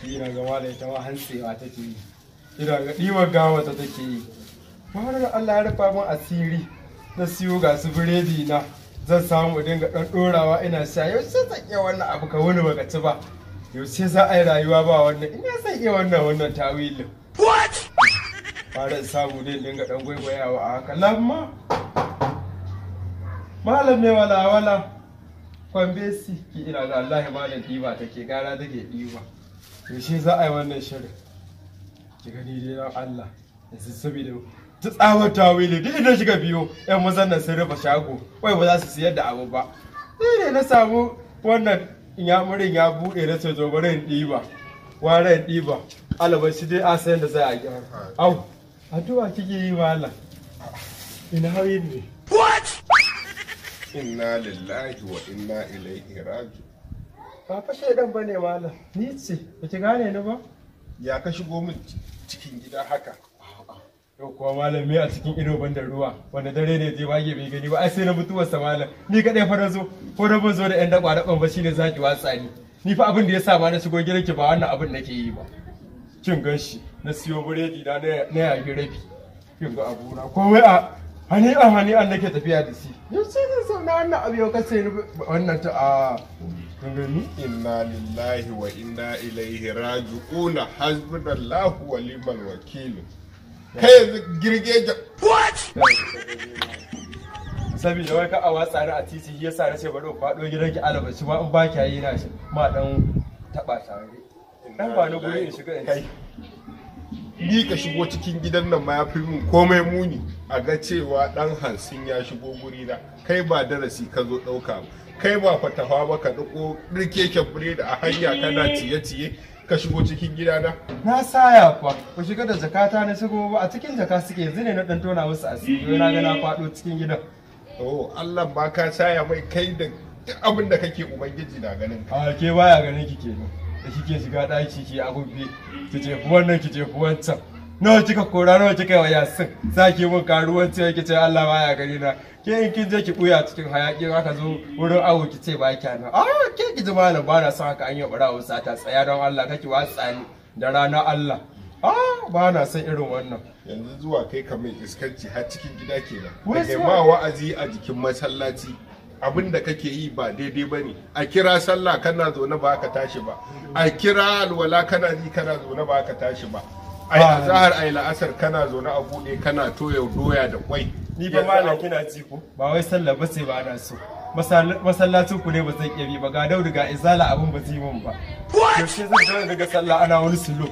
kira gama da ita ma hantsewa take yi kira ga ɗiwar gawa ta take yi maharar Allah ya rufa min asiri na siyo ga su biredi na zan samu dinga ɗan ɗorawa ina sha yau sai zan iya wannan abu ka wani baka ci ba yau sai za a yi rayuwa ba wannan ina zan iya wannan wannan tawilin what fara samu ne dinga ɗan gwaigwayawa a haka lamma malam ne wala wala kwambe ki ina da Allah ba da ɗiba take gara take ɗiba to shi za a yi wannan shirin ki gani dai dan Allah ya yanzu saboda ta tsawar tawili duk inda shiga biyo yan mazan nan sun rufe shago wai ba za su siyar da abu ba ni ne na samu wannan inyamurin ya buɗe na sojo bari in ɗiba ware in ɗiba alabar shi dai asayin da za a gyara au addu'a kike yi ma Allah ina hawi ne what inna lillahi wa inna ilaihi raji ba fa shaidan bane malam ni ce ba ki gane ni ba ya ka shigo min cikin gida haka yau kuwa malam me a cikin ido bandar ruwa wanda dare ne je wage bai gani ba ai sai na mutuwarsa malam ni kadai fa na zo ko na ban zo da ɗan dakwa da ba shine zaki watsa ni ni fa abin da ya sa ma na shigo gidanki ba wannan abin nake yi ba kin ganshi na siyo buredi na na yayi rabi kin ga abuna ko wai a hani a hani an nake tafiya da shi yau sai zan zauna wannan abu yau kasa wannan ta a gani inna lillahi wa inna ilaihi raji'una hasbunallahu wa limal wakil kai yanzu girge ja what saboda wai ka a watsa ni a titi shi yasa ce bari in fado gidan ki shi ma in ba ki yi na shi ma dan taba tare dan ba ni guri in shiga in kai ni ka shigo cikin gidan nan ma ya fi mun komai muni a ga cewa dan hansin ya shigo guri na kai ba darasi ka zo ɗauka kai ba fatawa ba ka ɗauko ɗirkeken biredi a hanya kana ciye-ciye ka shigo cikin gida Na Na saya fa, ku shiga da jakata na shigo ba a cikin jaka suke yanzu ne na ɗan tona wasu asiri na ga na faɗo cikin gidan. Oh, Allah ba ka saya mai kai da abin da kake Ubangiji na ganin. A ke baya ganin ki kenan. da kike shiga ɗaki ke agubbe ki jefu wannan ki jefu wancan nawa kika kora nawa kika yi wa yasin za ki mun karuwanci yake ce Allah baya gari na ke in kin je ki buya cikin hayakin aka zo wurin awo ki ce ba kya nan ah ke ki ji malam ba na son haka an yi barawo sata tsaya don Allah kake watsa ni da rana Allah ah ba na son irin wannan yanzu zuwa kai kamar iskanci har cikin gida kenan da ma wa'azi a jikin masallaci abin da kake yi ba daidai ba ne a kira sallah kana zaune ba ka tashi ba a kira alwala kana ji kana zaune ba ka tashi ba a azahar a la'asar kana zaune a buɗe kana toya doya da kwai ni ba ma na kina ji ko ba wai sallah ba sai ba ana so masallacin ku ne ba zan iya ba ga daudu ga izala abin ba zai min ba yaushe zan zo daga sallah ana wani sullo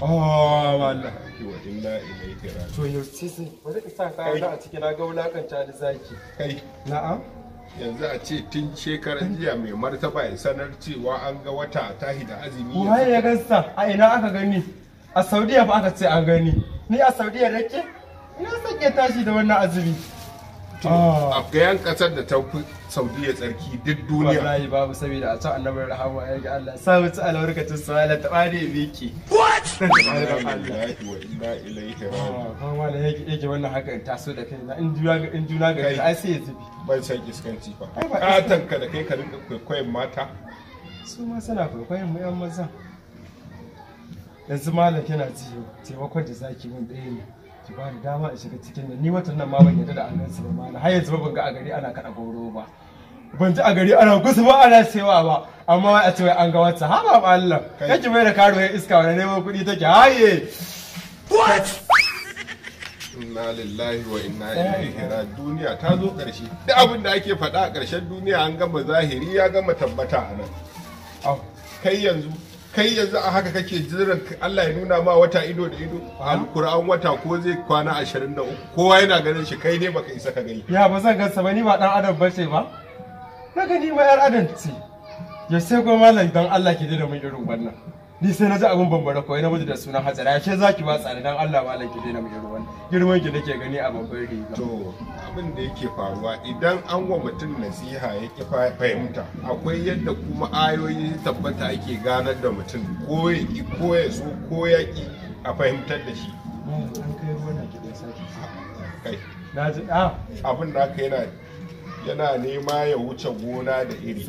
oh wallahi inna ilaihi raji'un to yaushe sai bari ka sa kaya a ciki na ga wulakanta da zaki kai na'am yanzu a ce tun shekaran jiya mai martaba ya sanar cewa an ga wata tahi da azumi kuma ya gansa a ina aka gani a saudiya ba aka ce an gani ni a saudiya rake ina sake tashi da wannan azumi ah. a gayan kasar da ta fi saudiya tsarki duk duniya wallahi babu saboda a can annabar rahama ya ga Allah sa wuce albarkatun sa ta bare biki what kama da yake wannan haka in taso da kai in juna ga ai sai ya zubi ban san iskanci ba katan ka da kai ka rinka kwaikwayon mata su ma suna kwaikwayon mu yan maza yanzu malam kina ji taimakon da zaki mun ɗaya ne ki ba da dama in shiga cikin nan ni watan nan ma ban yadda da an gansu ba malam har yanzu ban ga a gari ana kaɗa goro ba ban ji a gari ana gusu ba ana cewa ba amma a cewa an ga wata haba ba Allah yake mai da karo ya iska wani neman kuɗi take haye what inna lillahi wa inna eh. ilaihi ra duniya ta zo ƙarshe duk abin da ake faɗa a ƙarshen duniya an gama zahiri ya gama tabbata a nan kai yanzu kai yanzu a haka kake jiran Allah ya nuna ma wata ido da ido alkur'an wata ko zai kwana 23 kowa yana ganin shi kai ne baka isa ka gani ya ba zan gansa ba ni ba dan adam bace ba na ni ma yar adam ce ya sai kuma malam don Allah ki daina mun irin wannan ni sai na ji abin bambara ko na mutu da sunan hatsari ya za ki ba tsare don Allah malam ki daina mun irin wannan girman ki nake gani a babban riga to abin da yake faruwa idan an wa mutum nasiha ya ki fahimta akwai yadda kuma ayoyi tabbata ake ganar da mutum ko ya ki ko ya so ko ya ki a fahimtar da shi an kai ruwan da da sake kai na ji ah. abin da ka yana yana nema ya wuce gona da iri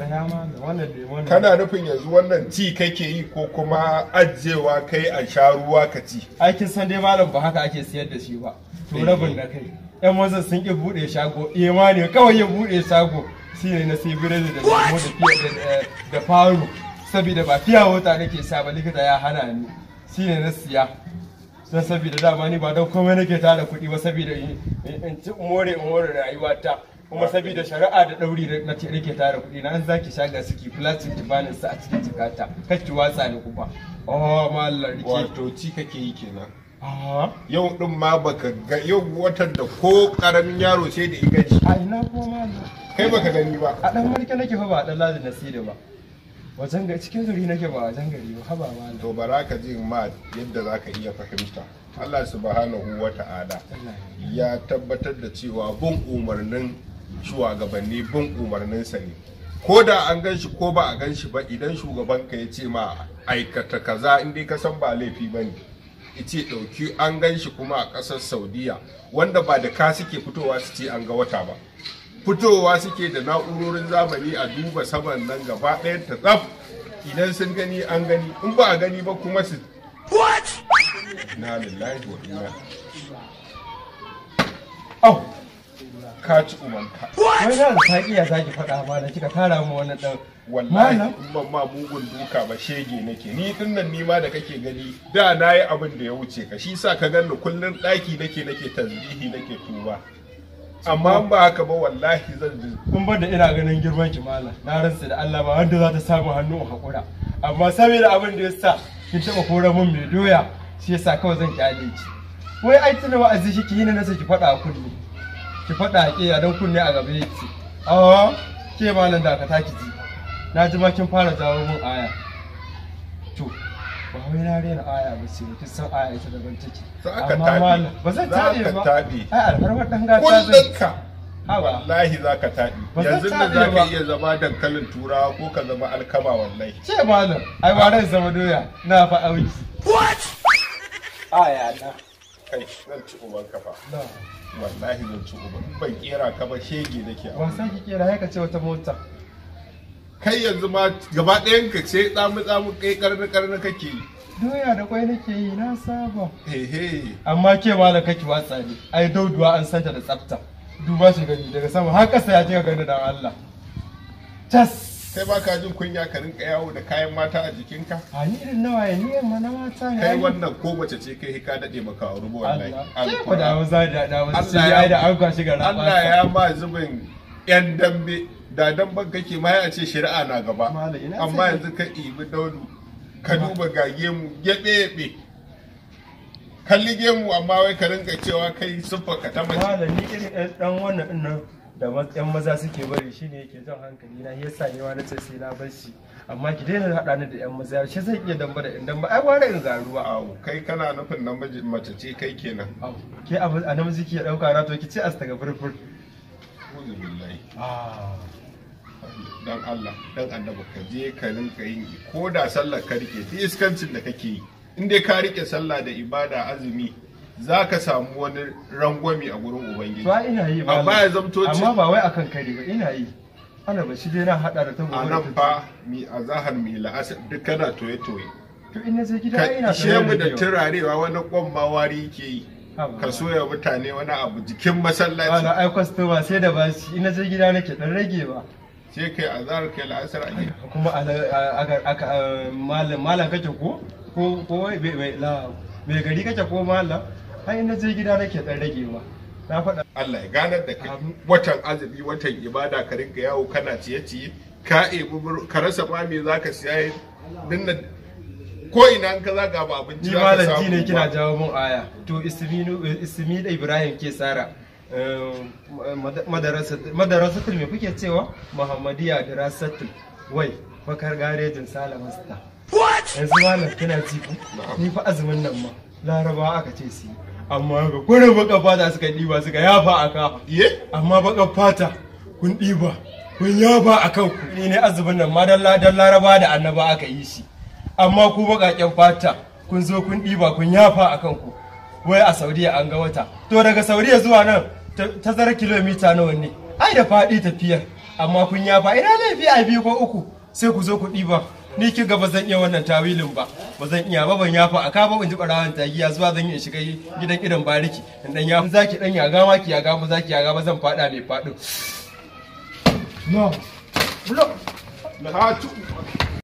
kana nufin yanzu wannan ci kake yi ko kuma ajewa kai a sha ruwa ka ci aikin san dai malam ba haka ake siyar da shi ba to eh. rabin da kai yan wasan sun ki bude shago ema eh, ne kawai ya bude shago ne na sai da da da eh, faru saboda ba fiya wata nake sa ba likita ya hana ni ne na siya don saboda dama ni ba don komai nake tara kuɗi ba saboda in ci more in more rayuwata kuma saboda shari'a da ɗauri na rike tara kuɗi na an zaki shaga suke plastic tufanin su a cikin jikata kacci watsa ni kuma oh mallar rike wato ci kake yi kenan ah. yau din ma baka ga yau watan da ko karamin yaro sai da iga shi a ina ko mallar kai baka gani ba a dan marke nake fa ba dan ladin nasiri ba wajen ga cikin zuri nake ba wajen gari ba haba ma to baraka jin ji ma yadda zaka iya fahimta Allah subhanahu wa ta'ala ya tabbatar da cewa bin umarnin shugabanni bin umarninsa ne ko da an ganshi ko ba a gan shi ba idan shugabanka ya ce ma aikata kaza in dai ka san ba laifi ba ne ce ɗauki an gan kuma a ƙasar saudiya wanda ba da ka suke fitowa su ce an ga wata ba fitowa suke da na'urorin zamani a duba saman nan gaba ɗayan ta tsaf idan sun gani an gani in ba a gani ba kuma su na lillahi wa inna ka ci ubanka. Wai ran ta iya zaki faɗa ma da kika tara mu wani dan wallahi in ma mugun duka ba shege nake ni din nan ni ma da kake gani da nayi abin da ya wuce ka shi sa ka ganni kullun daki nake nake tasbihi nake tuba. amma ba haka ba wallahi zan ji kun bar da ina ganin girman ki malam na rantsa da Allah ba wanda za ta samu hannu a hakura amma saboda abin da ya sa kin taba kora mun mai doya shi yasa kawai zan ki ki wai ai tuna wa'azi shi ki yi na nasa ki faɗa a kullu ki faɗa ke ya dan kunne a gaba yake awa ke malam da ka ki ji na ji ma kin fara jawo mun aya to ba wai na rena aya ba ce kin san aya ita daban take amma malam ba zan tabi ba ai alfarwa dan gata zai wallahi za ka yanzu da za ka iya zama dankalin turawa ko ka zama alkama wallahi ce malam ai ba zama doya na fa auki what aya na kai nan ci uban kafa wallahi zan ci uban ban kera ka ba shege nake a wasan ki kera ya ka ce wata mota kai yanzu ma gaba ɗayan ka ce tsamu tsamu kai karni karni kake yi doya da kwai nake yi na saba eh, amma ke malam kake watsa ne ai dauduwa an santa da tsafta duba shi gani daga sama har ƙasa ya je ga gani dan Allah tas sai ba ka jin kunya ka rinka yawo da kayan mata a jikinka a ni irin nawa ya ni yamma na mata ya kai wannan ko mace ce kai ka dade maka a rubu wallahi Allah da za da da wasu ya da an kwashi ga rafa Allah ya ma zubin yan dambe da damban kake ma ya ce shari'a na gaba amma yanzu ka ibi daudu ka duba gage mu gebe kalli gemu amma wai ka rinka cewa kai siffa ka ta mace malami irin dan wannan din da yan maza suke bari shine yake jan hankali na yasa ne ma nace sai na bar shi amma ki daina hada ni da yan maza shi zan iya damba da dan ba ai ware in zaruwa awo kai kana nufin namiji mace ce kai kenan ke abu a namiji ke dauka na to ki ce astagfirfir uzu billahi ah. dan Allah dan annabi ka je ka rinka yin ko da sallar ka rike iskancin da kake yi in dai ka rike sallah da ibada azumi za ka samu wani rangwami a gurin ubangiji ba ina yi ba amma ya zamto ce amma ba wai akan kare ba ina yi ana ba shi dai na hada da tabo anan fa mi azahar mi la'asar duk kana toye toye to ina sai gida ina toye mu da turarewa wani kwamma wari yake yi ka soya mutane wani abu jikin masallaci ana ai ba sai da ba shi ina sai gida nake dan rage ba sai kai azhar kai la'asar a gida kuma malam malam kake ko ko ko bai bai la bai gari kake ko malam ai na je gida nake dan ragewa na faɗa Allah ya ganar da kai watan azumi watan ibada ka rinka yawo kana ciye-ciye ka ebi ka rasa ma me zaka siya dinna ko ina in ka zaga ba abinci za ka samu ne kina jawo mun aya to isminu ismi da Ibrahim ke tsara ehm, madarasatul me kuke cewa Muhammadiya darasatul wai bakar garejin salamasta yanzu malam kina ji ni fa azumin nan ma laraba aka ce su yi amma ga kurin baka fata suka ɗiba suka yafa a ka amma baka fata kun ɗiba kun yafa a kan ku ne azumin nan ma dan laraba da annaba aka yi shi amma ku baƙaƙen fata kun zo kun ɗiba kun yafa a kan ku wai a saudiya an ga wata to daga saudiya zuwa nan tazarar kilomita nawa ne ai da faɗi tafiyar amma kun yafa ina laifi a biyu ko uku sai ku zo ku ɗiba ni ki ga ba zan iya wannan tawilin ba ba zan iya ba ban yafa aka ba in ji barawan tagiya zuwa zan yi in shiga gidan idan bariki in dan yafa zaki dan yaga ma ki yaga ba zaki yaga ba zan fada mai fadin no no ha